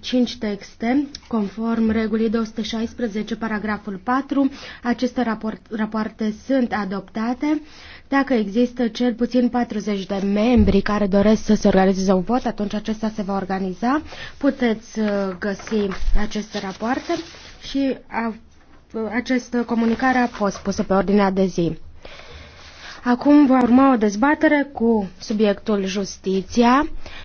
5 texte, conform regulii 216, paragraful 4. Aceste raport, rapoarte sunt adoptate. Dacă există cel puțin 40 de membri care doresc să se organizeze un vot, atunci acesta se va organiza. Puteți uh, găsi aceste rapoarte și a, această comunicare a fost pusă pe ordinea de zi. Acum va urma o dezbatere cu subiectul justiția.